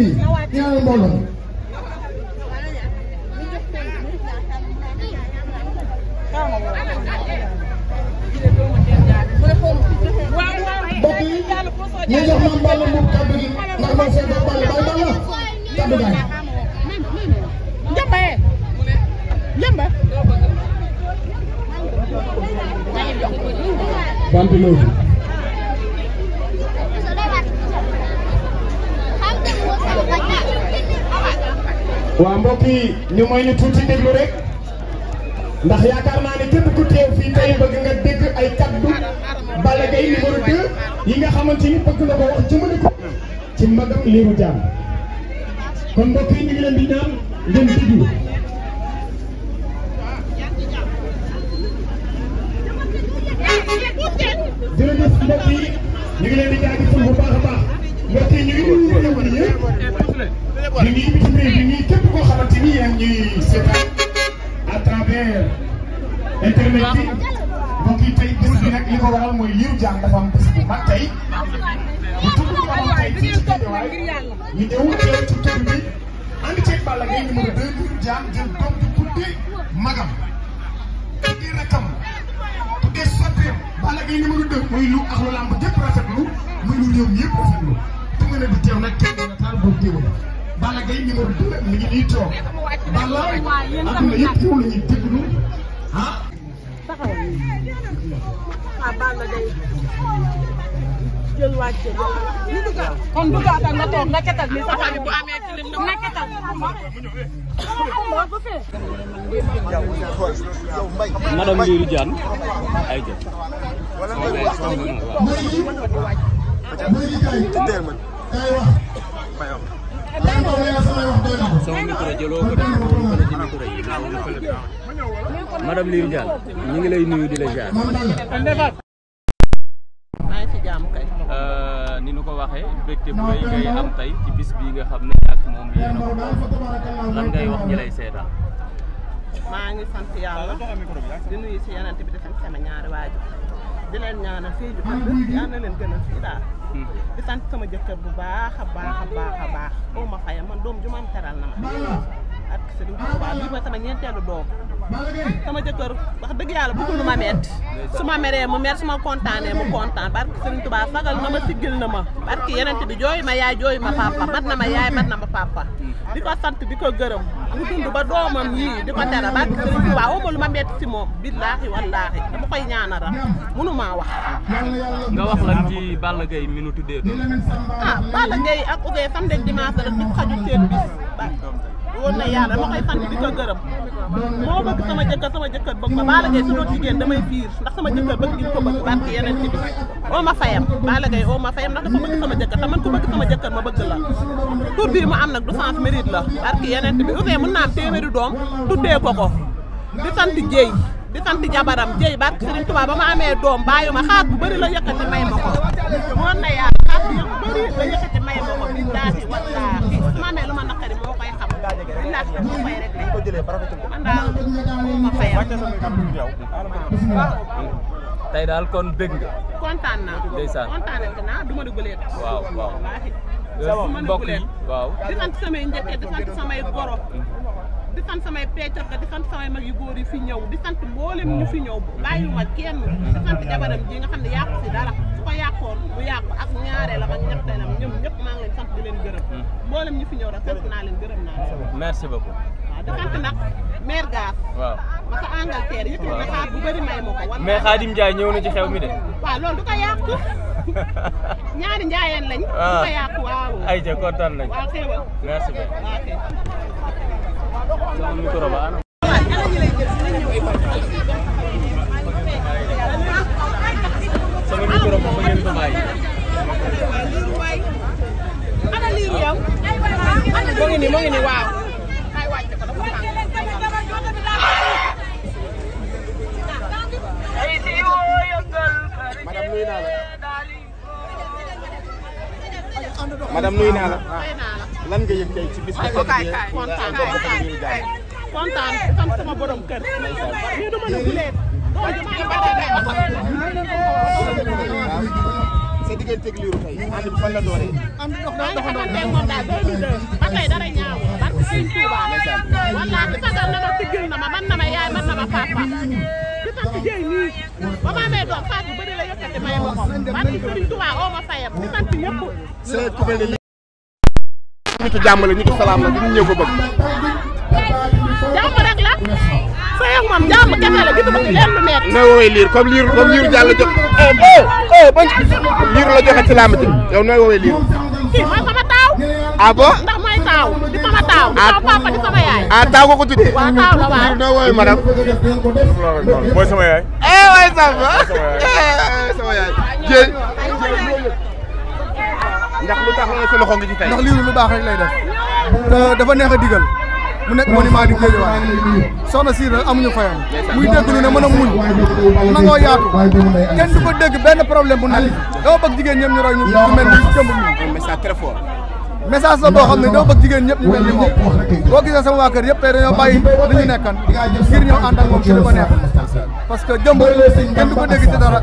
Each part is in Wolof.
Happy yang bolong. Bokk yi ñu jox Mame Balla Mboup kàddu gi ndax moo seet ak Balla Baye Balla kàddu gaay. Njëmba yee njëmba. Bante loolu. waaw mbokk yi ñu may ñu tuuti déglu rek ndax yaakaar naa ne képp ku fii tey bëgg nga dégg ay kaddu Balla Gaye numéro 2 yi nga xamante ni bëgg na ko wax jëmale ko ci magam Lirou Diane kon mbokk yi ñu ngi leen di ñaan bu baax a baax. ndaxte ñu ngi ñëw ñëw yëpp ñu ngi bitim réew ñu ngi képp koo xamante ni yaa ngi ñuy seetaan à travers internet bi mbokk yi tey bés bi nag li ko waral mooy liiru jaan dafa am bés bu mag tey bu tudd bi am tey fii ci Guédiawaye ñu ñëw teew ci tur bi ànd ceeg Balla Gaye numéro 2 liiru jaan jël doom di tuddee magam tuddee rakam tuddee soppeem Balla Gaye numéro 2 muy lu ak lu làmb jëpp rafetlu muy lu réew mi yëpp rafetlu gën a di teew nag tey dina taal boobu teewul Balla Gaye numéro 2 mi ngi nii toog Balla adduna yëpp yow la ñuy déglu ah. kon du ko atal nga toog nga ketal ni sa xarit bu amee tilim na ketal madame Ndiéri Diane ay jëf madame Lire Dial ñi ngi lay nuyu di la jaar maa ci jaam kay euh ni nu ko waxe bekté bu lay ngay am tay ci bis bi nga xamne ak mom yeen ko lan ngay wax ñi lay sétal ngi sant di nuyu bi defal sama di ñaan ñaanal fii ñu ànd fii ànd leen gënal fii daal. Hmm. di sant sama jëkkër bu baax a baax a baax a baax. oo ma fayam man doom ju ma am teral na ak Serigne Touba bii mooy sama ñeenteelu doom sama jëkkër wax dëgg yàlla bëggul lu ma metti su ma meree mu mer su ma kontaanee mu kontaan barke Serigne Touba fagal na ma siggil na ma barke yeneen bi jooyu ma yaay jooyu ma papa mat na ma yaay mat na ma papa di ko sant di ko gërëm mu dund ba doomam yii di ko dara barke Serigne Touba woo ma lu ma metti si moom billaahi wallaahi dama koy ñaanal mënu maa wax nga wax lan ci Balla Gaye mi nu tuddee ah Balla ak Ogué samedi dimanche wóor na a dama koy sant di ko gërëm moo bëgg sama jëkkër sama jëkkër bëgg ma Balla Gaye su doon jigéen damay fiir ndax sama jëkkër bëgg gi ko bëgg barki yeneen ci bi oo ma fayam Balla Gaye oo ma fayam ndax sama jëkkër te man bëgg sama jëkkër ma bëgg la tur bii mu am nag du sens mérite la barki yeneen ci bi Ouzin mën naa am téeméeri doom tuddee ko ko di sant jéy di sant jabaram jéy barki Serigne Touba ba ma amee doom bàyyi ma xaat bu bëri la yëkkati may ma ko a la boo may rek man daal moom ma fayal. daal kon bëgg nga. kontaan naa ndeysaan kontaan naa du ma dugalee. waaw waaw. sama mbokk yi waaw. di sant samay njëkk di sant samay goro. Mm-hmm. di sant samay peccor ga di sant samay mag yu góor yi fi ñëw di sant mboolem ñu fi ñëw bàyyiwuma kenn di sant jabaram ji nga xam ne yàqu si dara su ko yàqoon mu yàqu ak ñaareelam ak ñetteelam ñoom ñëpp maa ngi leen sant di leen gërëm mm. mboolem ñu fi ñëw rek sant naa leen gërëm naa leen merci beaucoup waaw di sant nag maire Gaar ma ko Angleterre yëpp na xaar bu bëri may ma ko wala mais Khadim ñëw na ci xew mi de waaw loolu du ko yàqu ñaari njaayeen lañ ah. madame nuyu naa la lan nga yëg tey ci bis. waaw ah, kay kay kontaan kay kontaan xam sama borom kër. lii du ma nëbbulee. sa digganteeg liiru tey. ànd bi fan la dooree. ànd dox dox doxandoo moom daal 2002 ba tey dara ñaaw barke Sëñ Tuuba. wallaahi bi fasal na ma tiggil na ma man na ma yaay man na ma papa. bi fas yéey nii ba ma amee doom Fatou bëri la yëkkati ma yem ko barke Sëñ Tuuba oo ma fayam di sant ñëpp. nitu jàmm la nitu salaam la ñun ñëw ko bëgg. jàmm rek la. sooy ak moom jàmm kese la gisuma ci lenn lu neex. na woy liir comme liir comme liir jàll jox. oh eh, oh eh, eh, bañ liir la joxe ci làmb ji yow nooy woowee liir. kii mooy sama taaw. ah taaw di sama di ah. sama papa di sama yaay. ah taaw sama yaay. eh waay sama. sama yaay sama yaay. ndax lu tax sa def dafa neex digal mu nekk monument di géej waay soxna si amuñu fayam muy dégg lu ne mën muñ nangoo yaatu kenn du ko dégg benn problème bu nekk dama bëgg jigéen ñëpp ñu roy ñu mel message très fort message la bëgg ñu mel sama kër ñu nekkan ak ci ko neex parce que kenn du ko dégg ci dara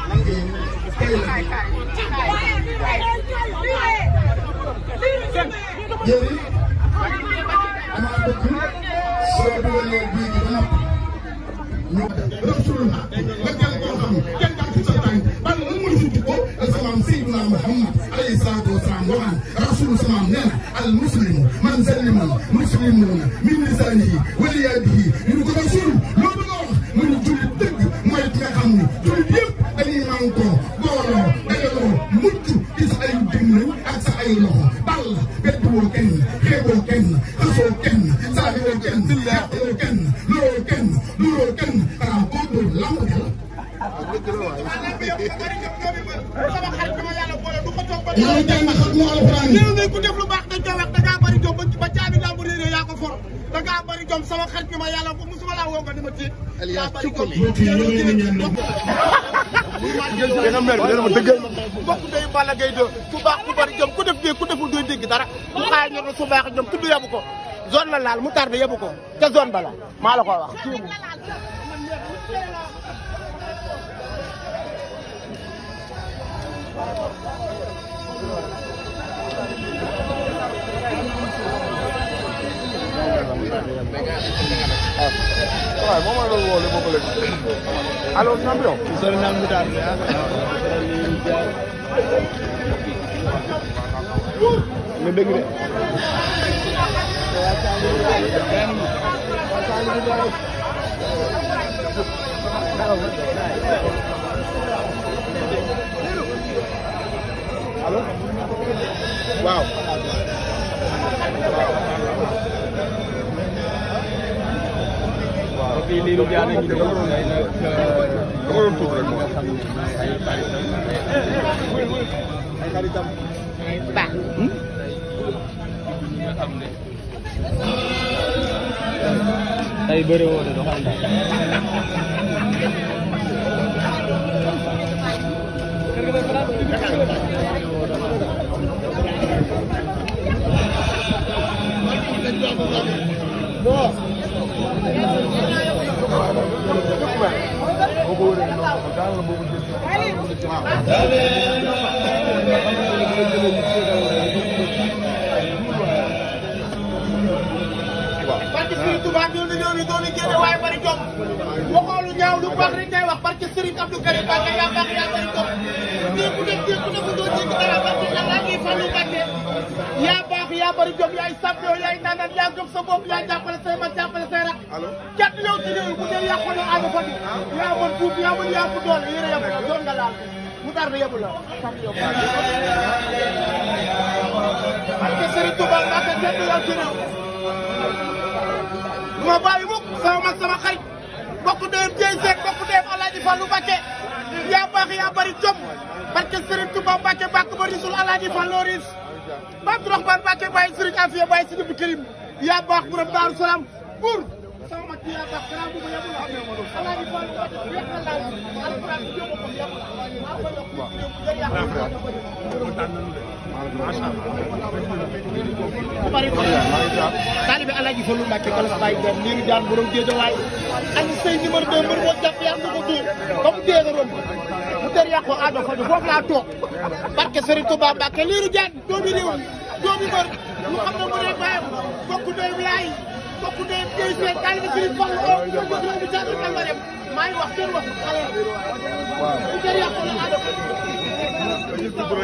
yéen damaa bëgg soo dugalee bii bi ba noppi ñu rasulullah nga jël koo xam ne kenn daal ci sa tànk ban lan mooy si jikko al-salaam sayyiduna Muhammad alayhi salaatu wa salaam waxaan rasul salaam nee na al muslimu man salima muslimuuna min lisaanihi wa yadihi ñu ko rasul kenn billaay yow kenn looloo kenn looloo kenn xanaa koo dul lamb ja la. yow kenn xam nga alxuraan. yow ne ku def lu baax dañ koy wax da ngaa bëri jom ba caabi làmb réeré yaa ko for da ngaa bëri jom sama xarit bi ma yàlla bu musuma laa woo nga ni ma tiit. yaa bëri jom dina mer dina ma dëggal mbokk day Balla Gaye de ku baax ku bëri jom ku def dee ku deful doo dégg dara ku xaay ñor na su baax jom tudd yabu ko zone la laal mu tardé yóbbu ko ca zone ba la maa la ko wax. waaw moom la woo lépp lépp allo champion. sori naa mu daal mais ah. nga dégg de. Wow. Pili lubian ini nomor nomor tu berapa? Pak. Hmm? tey bëri woon na doxal daal. Thank you. Touba ñooñu ñooñu doon na génne waaye bari jom waxoo lu ñaaw lu baax rek day wax barke Serigne Abdou Karim Mbacké yaa baax yaa bari jom mais ku def ku ne ku doon dégg dara barke Yàlla ngi Fallou Mbacké yaa baax yaa bari jom yaay champion yaay naanaan yaa gëm sa bopp yaa jàppale say man jàppale say rak jàpp yow ci réew bu dee yàqoon na àgg fa yaa mën tuut yaa mën yaa mën doole yéen a yem doon nga laal mu dar na yebu la sant yow barke Serigne Touba Mbacké jàpp yow ci réew du ma bàyyi mukk sama mag sama xarit bokk ndeyam Dieng Seck bokk ndeyam Alaaji Fallu Mbàkke yaa baax yaa bari jom barke Serigne Touba Mbàkke bàkk ba risul Alaaji Fallu ris ba Abdourahmane Mbàkke bàyyi Serigne Afiya bàyyi Sidi Bou Karim yaa baax borom Daaru Salaam buur sama mag bi yaa tax gannaaw boobu yàggul xam ne alaaji Fall weex na laaj alxuraan bi yóbbu ko yàggul maa ko mu dee nga mu der yàqu aado fa foofu laa toog barke Sëriñ Tuubaa Mbàkke liiru jaan doomi réew doomi mbër lu xam ne mu ne baayam bokk doy mbokku dee dee si nekk daanaka si li toll oo ko jox loolu jaadu tàmbareem maa ngi wax kenn waxu xale la. waaw bu jël yàqu la ànd ko. boo jëlee coono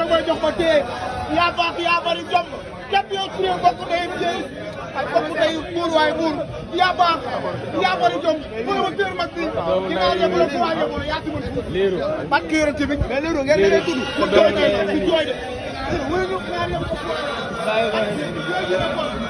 da koy jox ko téye yaa baax yaa bari jom képp yow su dee mbokku dee dee ak mbokku dee buur waaye ci bi. jooy de. Thank you.